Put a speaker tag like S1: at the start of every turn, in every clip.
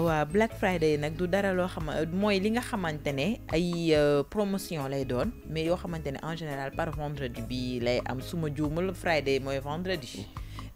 S1: waaw Black Friday nag du dara loo xam mooy li nga xamante ne ay euh, promotion lay doon mais yoo xamante ne en général par vendredi bi lay am suma juumul Friday mooy vendredi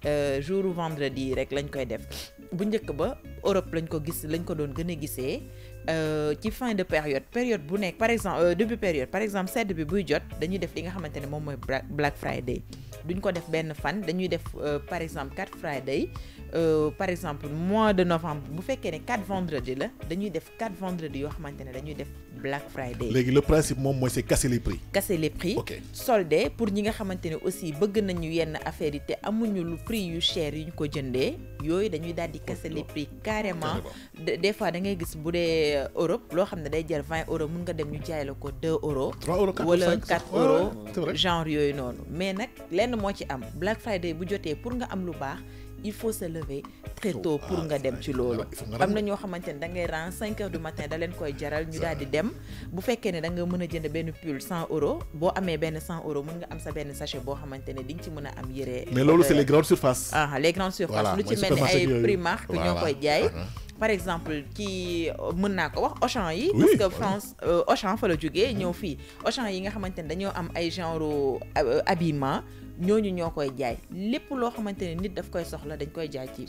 S1: euh, jour vendredi rek lañ koy def bu njëkk ba Europe lañ ko gis lañ ko doon gën a gisee euh, ci fin de période période bu nekk par exemple début période par exemple sedd bi buy jot dañuy def li nga xamante ne moom mooy Black Friday duñ ko def benn fan dañuy def par exemple 4 Friday euh, par exemple mois de novembre bu fekkee ne quatre vendredi la dañuy def quatre vendredi yoo xamante ne dañuy def Black Friday. léegi
S2: le principe moom mooy c'est casser les prix.
S1: casser les prix. ok soldé pour ñi nga xamante ne aussi bëgg nañu yenn affaires yi te amuñu lu prix yu cher yu ñu ko jëndee yooyu dañuy daal di casser les prix carrément. des fois da ngay gis bu dee euh, Europe loo xam ne day jël 20 euros mun nga dem ñu jaay la ko 2 euros. trois euros wala 4 euros genre yooyu noonu. mais nag lenn moo ci am Black Friday bu jotee pour nga am lu baax il faut se lever très tôt pour ah, nga dem ci lolu amna ño xamantene da ngay ren cinq heures du matin dalen koy jaral ñu daal di dem bu fekkee ne da nga mëna a jënd benn pull cent euros bo amé benn cent euros mën nga am sa benn sachet bo xamantene di ci mëna am yéré mais lolu c'est les euh, grandes surfaces ah les grandes surfaces lu ci mel ay Primark ñoo koy jaay uh-huh. par exemple ki mën naa ko wax Auchan yi parce que France euh, Auchan fa la jógee ñëw fii Auchan yi nga xamante ne dañoo am ay genre euh, habillement ñooñu ñoo koy jaay lépp loo xamante nit daf koy soxla dañ koy jaay ci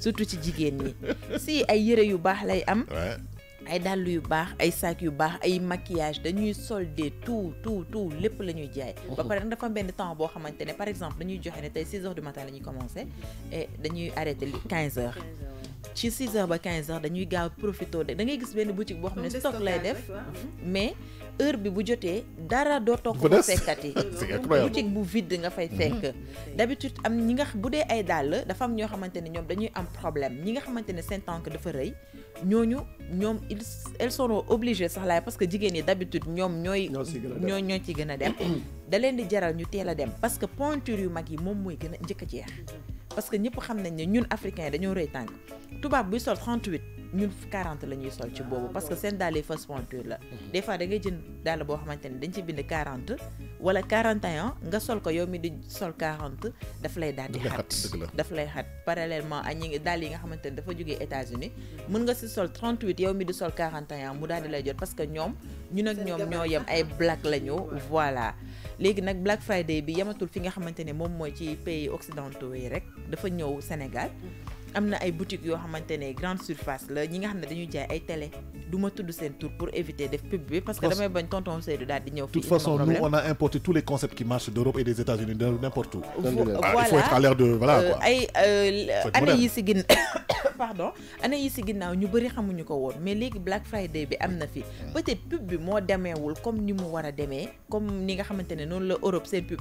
S1: surtout ci si ay yu baax lay am ay dàll yu baax ay sac yu baax ay maquillage dañuy tout tout tout lépp la jaay ba dafa benn temps par exemple dañuy joxe ne six heures du matin et dañuy arrêter 15 quinze heures ci 6 heures ba 15 h dañuy gaaw profito de da ngay gis benn boutique boo xam ne stock lay def hein. mais heure bi bu jotee dara dootoo ko fa fekkati boutique bu vide nga fay mm-hmm. fekk d'habitude am ñi nga bu dee ay dàll dafa am ñoo xamante ne ñoom dañuy am problème ñi nga xamante ne seen tank dafa rëy ñooñu ñoom ils elles sont obligées sax laay parce que jigéen ñi d'habitude ñoom ñooy ñoo ñoo ci gën a dem da leen di jaral ñu teel a dem parce que pointure yu mag yi moom mooy gën a njëkk a jeex parce que nous, xam nañ ñun africains dañoo rëy tànk tubaab sol 38 ñun 40 la sol parce que seen dalle fausse pointure la. Mhm. des fois da ngay jënd 40 41 nga sol ko yow 40 parallèlement ñi yi nga États-Unis 38 yow 41 mu di lay parce que voilà léegi nag Black Friday bi yamatul fi nga xamante ne moom mooy ci pays occidentaux yi rek dafa ñëw Sénégal am na ay boutiques yoo xamante ne grande surface la ñi nga xam ne dañuy jaay ay télé du ma tudd seen tour pour éviter def pub bi parce que damay bañ tonton Seydou daal di ñëw. fii de toute façon nous on a
S2: importé tous les concepts qui marchent d'Europe et des États-Unis de n'importe où. voilà ah, il faut être à l'air de voilà quoi. Euh,
S1: ay euh, année yi si pardon année yi si ñu bëri xamuñu ko woon mais Black Friday bi fi peut-être pub bi comme ni mu comme ni nga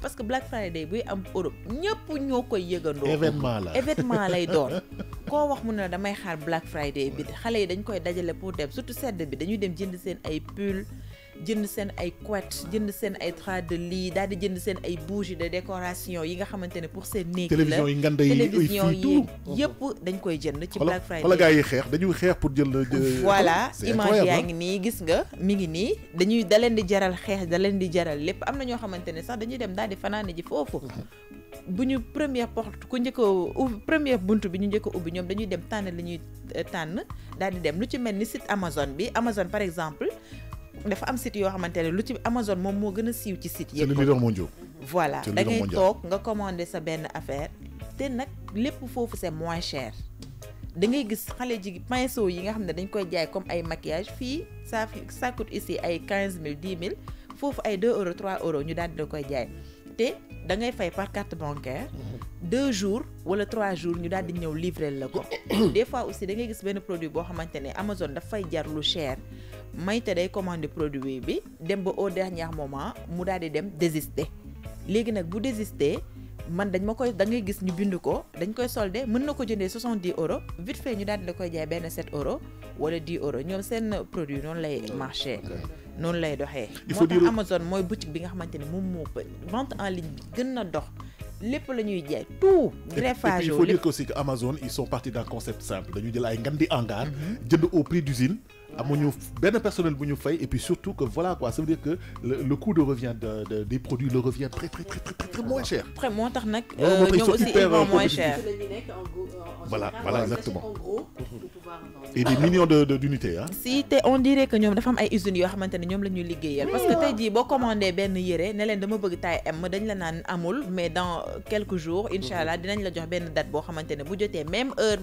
S1: parce que Black Friday buy am Europe événement la événement lay doon. wax mu Black Friday bi yi dañ koy surtout bi dem ay jënd seen ay couettes jënd seen ay de lit daal di jënd seen ay bougies de décoration yi nga xamante pour seen néeg télévision yi nganda yi télévision yi yëpp dañ koy jënd ci Black Friday wala gars
S2: yi dañuy pour jël voilà image yaa hein. ngi
S1: nii gis nga mi ngi nii dañuy da di jaral xeex da di jaral sax dañuy dem di ji première porte ku a première buntu bi ñu njëkk a ubbi ñoom dañuy dem tànn li ñuy eh, tànn daal di dem lu ci site Amazon bi Amazon par exemple dafa am site yoo xamante ne lu ci Amazon moom moo gën a siiw ci site yëpp. c'est le leader mondial. voilà da ngay toog nga commander sa benn affaire. te nag lépp foofu c'est moins cher da ngay gis xale ji pinceau yi nga xam ne dañ koy jaay comme ay maquillage fii ça ça coûte ici ay 15 mille dix mille foofu ay 2 euros 3 euros ñu daal di koy jaay te da ngay fay par carte bancaire mhm. deux jours wala trois jours ñu daal di ñëw livrer la ko des fois aussi da ngay gis benn produit boo xamante ne Amazon fay jar lu cher Mayte day commandé produit bi au dernier moment mu daal dem désister léegi nag bu désister man dañ ma koy da ngay gis ñu bind dañ koy soldé mën na euros vite fait ñu di la koy jaay euros wala 10 ñoom seen produit lay ah, marché noonu lay doxee Amazon boutique bi nga vente en ligne bi na dox lépp la tout il faut dire
S2: aussi que Amazon ils sont partis d'un concept simple dañu jël ay mhm. au prix d'usine amuñu ben personnel bu ñu fay et puis surtout que voilà quoi ça veut dire que le, le coût de revient de, de, des produits le revient très très très très très,
S1: très moins cher. très moins tax nag.
S2: Euh, ñoom aussi ils euh, moins cher euh,
S3: voilà voilà exactement.
S2: et des millions de d'unités hein
S3: si
S1: te on dirait que ñom dafa am ay usines yo xamante ñom ñoom la parce que tay di bo commandé ben yéré né leen dama bëgg tay M dañ la nan amul mais dans quelques jours. inchallah dinañ la jox ben date bo xamante bu jotté même heure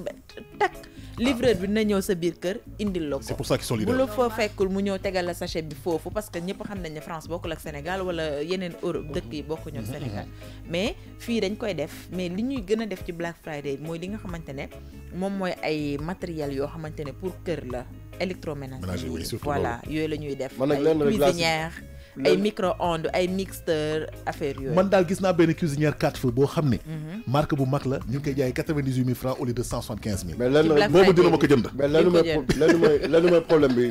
S1: tac livreur bi na ñëw sa biir kër indil la ko. c'est
S2: pour ça qu'ils sont leaders bu la foo
S1: fekkul mu ñëw tegal la sachet bi foofu parce que ñëpp xam nañ ne France bokkul ak Sénégal wala yeneen Europe dëkk yi bokkuñu ak Sénégal. mais fii dañ koy def mais li ñuy gën a def ci Black Friday mooy li nga xamante ne moom mooy ay matériel yoo xamante ne pour kër la électroménager. voilà yooyu la ñuy def. ay cuisinière ay micro-ondes ay mixteur affaire yooyu. man
S2: daal gis naa benn quatre mhm. marque bu la francs au lieu de 175 mais lan mais
S4: lan problème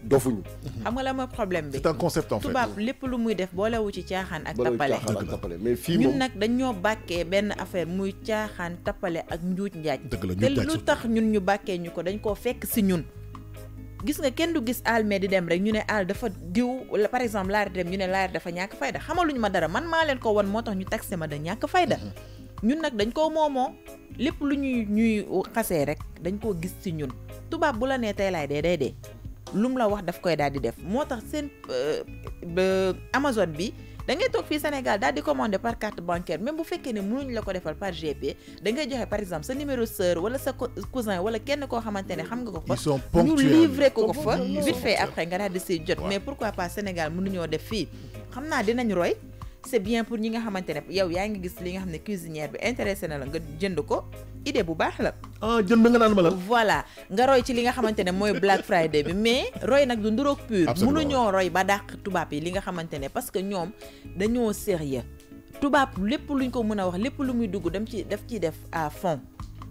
S4: dofuñu.
S1: xam nga la ma problème bi. c'est
S4: un concept en fait tubaab
S1: lépp lu muy def boolewu ci caaxaan ak. tappale
S4: mais fii moom ñun nag
S1: dañ ñoo bàkkee benn affaire muy caaxaan ak njuuj njaaj. dëgg la te lu tax ñun ñu bàkkee ñu ko dañ koo fekk si ñun. gis nga kenn du gis aal di dem rek ñu ne aal dafa diw par exemple laari ñu ne laari dafa ñàkk fayda xamaluñu ma dara man maa leen ko won moo tax ñu taxé ma da ñàkk fayda mm-hmm. ñun nag dañ koo moomoo lépp lu ñuy ñuy xasee rek dañ koo gis ci ñun tubaab bu la nee tey laay dee day dee lu mu la wax daf koy daal di def moo tax seen euh, Amazon bi da ngay toog fii Sénégal daal di commandé par carte bancaire même bu fekkee ne mënuñ la ko defal par GP da ngay joxe par exemple sa numéro sœur wala sa cousin wala kenn koo xamante ne xam nga ko fa ñu livré ko ko fa vite fait après nga daal di si jot mais pourquoi pas Sénégal mënuñoo def fii xam naa dinañ roy c'est bien pour ñi nga xamante ne yow yaa ngi gis li nga xam ne cuisinière bi intéressé na la nga jënd ko idée bu baax la ah jënd nga naan ma lan voilà nga roy ci li nga xamante ne mooy Black Friday bi mais roy nag du nduroog pur mënuñoo roy ba dàq tubaab yi li nga xamante ne parce que ñoom dañoo sérieux tubaab lépp lu luñ ko mën a wax lépp lu muy dugg dem ci daf ciy def à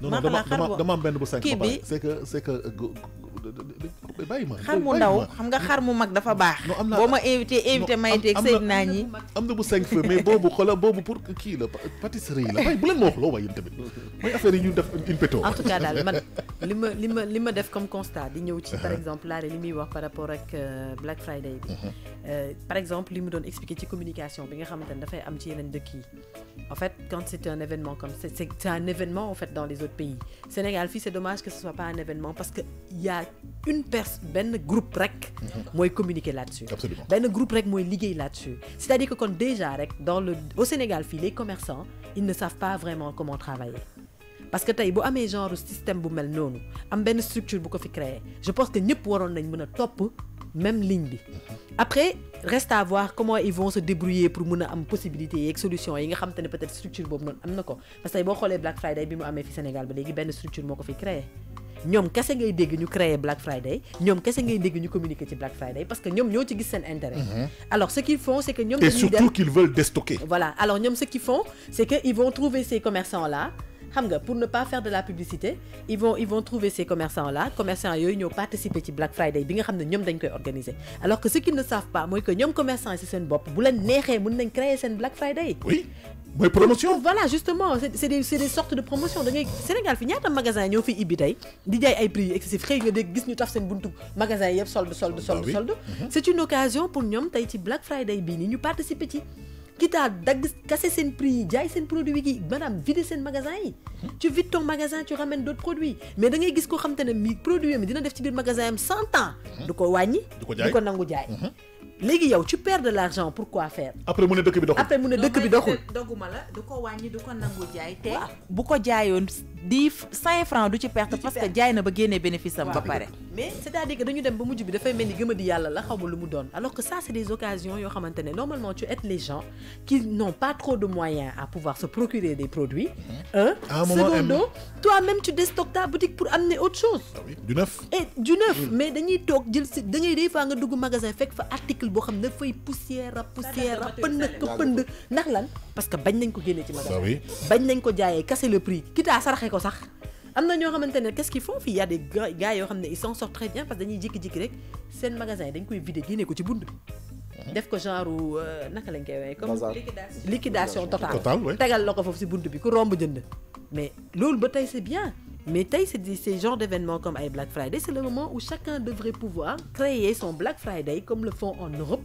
S1: non non dama dama am benn bu cinq. kii bi
S2: c'est que c'est que. Euh, bàyyi ma xar mu ndaw
S1: xam nga xar mu mag dafa baax boo ma invité invité mayeteeg sëy naa ñi
S2: am na bu cinq feu mais boobu xola boobu pour kii la pâtisserie la bay bu leen ma wax loo waaye tamit mooy affaire yi ñu def une péto en tout cas daal man
S3: li ma li ma li ma def comme constat di ñëw ci par uh-huh. exemple laare li muy wax par rapport ak euh, Black Friday bi uh-huh. euh, par exemple li mu doon expliqué ci communication bi nga xamante ne dafay am ci yeneen dëkk yi en fait quand c'est un événement comme c'est c'est un événement en fait dans les autres pays Sénégal fii c'est dommage que ce soit pas un événement parce que y a une personne un groupe rec mooy communiquer là-dessus Ben, groupe rec mooy liggéey là-dessus c'est-à-dire que kon déjà rek dans le au Sénégal les commerçants ils ne savent pas vraiment comment travailler parce que si bu avez genre système bu mel non, am ben structure bu ko créer je pense que nous pourrons nañ mën top, même ligne mhm. après reste à voir comment ils vont se débrouiller pour avoir une possibilité et une solution yi nga xam peut-être structure boobu mal, am parce que vous avez xoolee Black Friday bi mu amee fi Sénégal ba avez ben structure beaucoup fait fi créer ñoom kese ngay dégg ñu créer Black Friday ñoom kese ngay dégg ñu communiquer ci Black Friday parce que ñoom ñoo ci gis seen intérêt. Mhm. alors ce qu'ils font c'est que et surtout qu'ils
S2: veulent déstocker.
S3: voilà alors ce qu'ils font c'est qu'ils vont trouver ces commerçants là pour ne pas faire de la publicité ils vont ils vont trouver ces commerçants là commerçants yooyu ñoo participer ci Black Friday ils nga xam ne dañ organiser alors que ce qu'ils ne savent pas mooy que ñoom commerçants c'est une bop. bopp bu la neexee mën nañ créer seen Black Friday. oui mais promotion. voilà justement c'est des des sortes de promotion Donc ngay Sénégal fi ñaata magasin ñoo fi ibbi tey di a ay prix excessifs. excessif xëy nga dégg des ñu taf seen buntu magasin yëpp solde solde solde ah solde. c' mhm. C'est une occasion pour ñoom tey ci Black Friday Ils ont ñu participer quitte à dagg casser seen prix yi jaay seen produit yi maanaam vider seen magasin yi. tu vides ton magasin tu ramènes d'autres produits mais da ngay gis koo xam te ne mi produit mi dina def ci biir magasin am cent ans. Hum. du ko wàññi. du ko jaay du ko nangu jaay. léegi yow tu perds de l'argent pourquoi faire.
S1: après mu ne dëkk bi doxul après mu ne dëkk bi doxul. dogguma la du ko wàññi du ko nangu jaay. te bu ko jaayoon dix cinq francs du ci perte parce que jaay na ba génnee bénéfice am ba
S3: paré mais c'est-à-dire que dañu dem ba mujj bi da fay melni gëm du di yàlla la xamul lu mu doon alors que ça c'est des occasions yo xamantene normalement tu aides les gens qui n'ont pas trop de moyens à pouvoir se procurer des produits hein? un secondo toi-même tu déstockes ta boutique pour amener autre chose ah du neuf et du neuf mm. mais dañuy tok jël si da ngay des fois nga dugg magasin fek fa article bo xam fay poussière poussière a pënd ka lan parce que bagn nañ ko génnee ci magasin bañ nañ ko jaayee casser le prix quitte à saraxe waxee ko sax am na ñoo xamante ne qu'est-ce qu'ils font fii y a des gars yoo xam ne ils s'en sortent très bien parce que dañuy jékki-jékki rek seen magasin yi dañ koy vider génne ko ci bunt hein? def ko genre euh, naka lañ koy waxee comme liquidation totale Total tegal la ko foofu si bunt bi ku romb jënd mais loolu ba tey c'est bien mais tey c'est ces genres d'événements comme ay Black Friday c'est le moment où chacun devrait pouvoir créer son Black Friday comme le font en Europe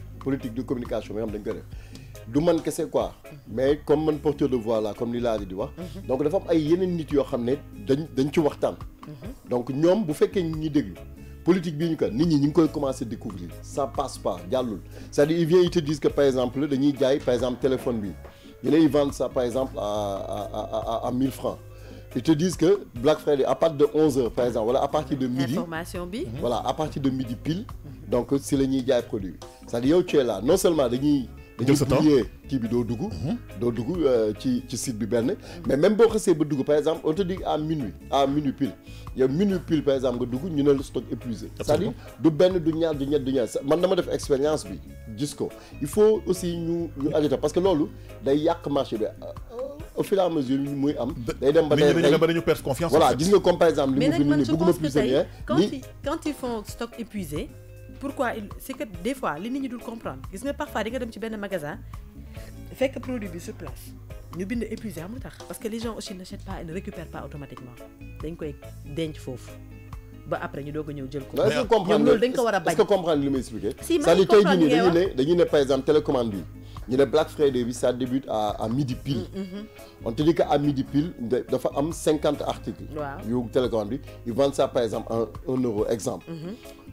S4: politique de communication mais nga xam dañ koy du man quoi mais comme mon porteur de voix là comme lila a dit, wax. Mhm. donc dafa am ay yeneen nit yoo xam ne dañ dañ ci waxtaan. Mhm. donc ñoom bu fekkee ñi déglu. politique bi ñu ko nit ñi ñu koy commencer découvrir ça passe pas jàllul c'est-à-dire ils viennent ils te disent que par exemple dañuy jaay par exemple téléphone bi ñu lay vendre ça par exemple à à à à mille francs ils te disent que Black Friday à partir de 11h par exemple wala voilà, à partir de midi.
S3: information bi. voilà
S4: à partir de midi pile donc c'est le nid jaay produit c'est-à-dire yow oh, tu là non seulement dañuy. jël sa temps dañuy kii bi doo dugg. Mhm. Euh, site bi mais même boo xasee ba dougou. par exemple on te dit à minuit à minuit pile Il y a minuit pile par exemple nga dougou ñu ne le stock épuisé. c'est-à-dire du benn du ñaar du ñett du ñaar man dama def expérience bi il faut aussi nous ajouter parce que loolu day yàq marché bi. Euh, au fil et à mesure ñu muy am. day dem ba day confiance. voilà disons comme par exemple. li mu bind nii plus hein. rien
S3: quand ils font stock épuisé pourquoi il c'est que des fois les nit ñi dul comprendre gis nga parfois di nga dem ci benn magasin fekk produit bi sur place ñu bind épuisé amul tax parce que les gens aussi achètent pas et ne récupèrent pas automatiquement dañ koy denc foofu ba après ñu doog a ñëw jël ko. Bah, est-ce que comprendre loolu dañ ko war a bañ est-ce que
S4: comprendre li may expliquer. si maa ngi comprendre dañu ne dañu ne par exemple télécommande bi ñu ne Black Friday bi ça débute à à midi pile. Mm,
S2: mm-hmm.
S4: on te dit que à midi pile dafa am 50 articles. waaw yu télécommande bi ils vendent ça par exemple en un euro exemple. Mm -hmm.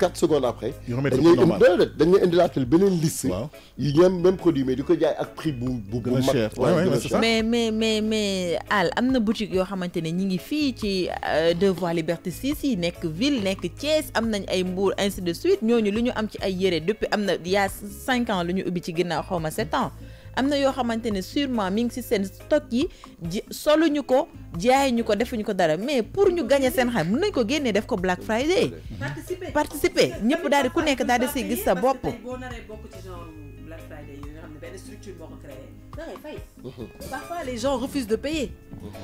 S4: 4 secondes après. il remet dañuy a même produit mais prix cher mais
S1: mais mais mais Al boutique ñi ngi euh, Liberté ville Thiès ainsi de suite nous, depuis 5 ans nous 7 ans. am na yoo xamante ne surement mi ngi ci seen stock yi ji soluñu ko jaayuñu ko defuñu ko dara mais pour ñu gagner seen xaalis mën nañ ko génnee def ko Black Friday. participer participer ñëpp daal di ku nekk daal di si gis sa bopp. boo
S3: naree bokk ci genre Black Friday les gens refusent de payer.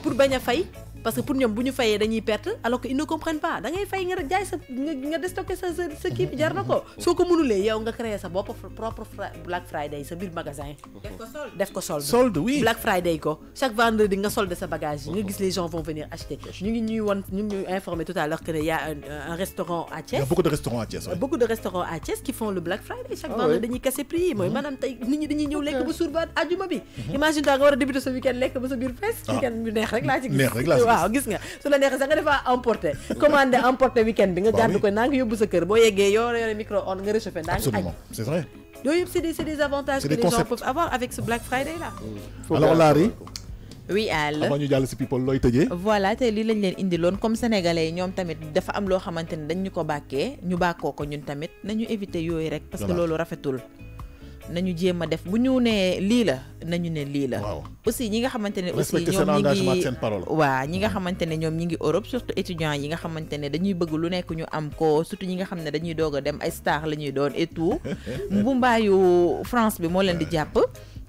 S3: pour bañ a fay. parce que pour ñom buñu fayé dañuy perte alors que ils ne comprennent pas da ngay fay nga jaay sa nga déstocké sa sa kii bi jar na ko soo ko yow nga créer sa bopp propre Black Friday sa bir magasin def ko solde solde oui Black Friday ko chaque vendredi nga solde sa bagage nga gis les gens vont venir acheter ñu ngi ñuy won ñu informer tout à l'heure que il y a un restaurant à Thiès beaucoup de restaurants à Thiès beaucoup de restaurants à Thiès qui font le Black Friday chaque ah vendredi dañuy casser prix moy manam mmh. tay nit ñi dañuy ñëw lek bu suur ba àjjuma bi mmh. imagine taa nga wara débuter ce week-end lekk ba sa bir fest ah. week neex rek ci waaw gis nga su la neexee sax nga defaa emporté commandé emporté weekend bi nga gàddu ko naa ngi yóbbu sa kër boo yeggee yoo yore micro onde nga réchauffé naa ngi aj c'est des avantages que les gens peuvent avoir avec ce Black Friday là
S2: alors
S1: àll avant ñu jàll
S2: si people looy tëjee.
S1: voilà tey lii lañ leen indiloon comme sénégalais yi ñoom tamit dafa am loo xamante ne dañ ñu ko bàkkee ñu bàkkoo ko ñun tamit nañu éviter yooyu rek. parce que loolu rafetul. nañu jéem a def bu ñu nee lii la nañu ne lii la. aussi ñi nga xamante ne. aussi ñoom ñi ngi waa ñi nga xamante ne ñoom ñi ngi Europe surtout étudiants yi nga xamante ne dañuy bëgg lu nekk ñu am ko surtout ñi nga xam ne dañuy doog a dem ay star la ñuy doon et tout. mbumbaayu France bi moo leen di jàpp.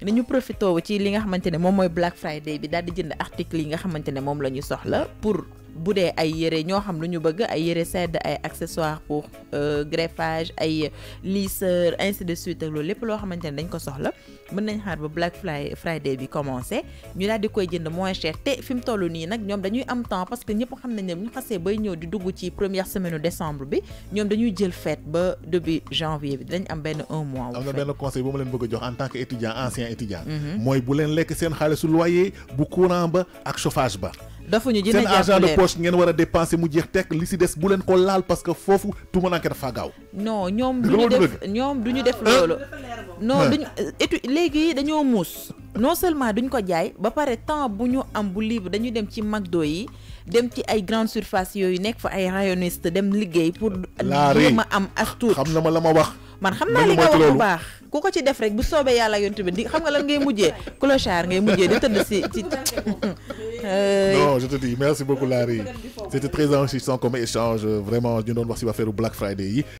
S1: nañu profité ci li nga xamante ne moom mooy Black Friday bi daal di jënd article yi nga xamante ne moom la ñu soxla pour. bu ay yéré ño xam lu ñu bëgg ay yéré sedd ay accessoires pour euh, greffage ay lisseur ainsi de suite ak loolu lépp loo xamante ne dañ ko soxla mën nañ xaar ba Black Friday bi commencé ñu daal di koy jënd moins cher te fi mu toll nii nag ñoom dañuy am temps parce que ñëpp xam nañ ne ñu xasee bay ñëw di dugg ci première semaine décembre bi ñoom dañuy jël fête ba début janvier bi dinañ am benn un mois. am na benn conseil bu ma leen bëgg a jox en tant que étudiant ancien étudiant.
S2: Mhm. mooy bu leen lekk seen xaalisu loyer bu courant ba ak chauffage ba.
S1: dafa ñu dina jàppale seen argent
S2: ngeen war a dépenser mu jeex tekk li si des bu leen ko laal parce que foofu tuumalanke dafa gaaw.
S1: non ñoom du ñu def ñoom du ñu def loolu. no duñu étu léegi dañoo muus. no seulement duñ ko jaay ba pare temps bu ñu am bu libre dañu dem ci McDo yi dem ci ay grande surface yooyu nekk fa ay rayonniste dem liggéey pour. ma am as tuut xam na ma la ma wax. man xam naa li nga wax bu baax ku ko ci def rek bu soobee yàlla yontu bi di xam nga lan ngay mujjee clochard ngay mujjee di tëdd si Euh, non,
S2: je te dis, merci beaucoup Larry. C'était très enrichissant comme échange. Vraiment, si qu'il va faire au Black Friday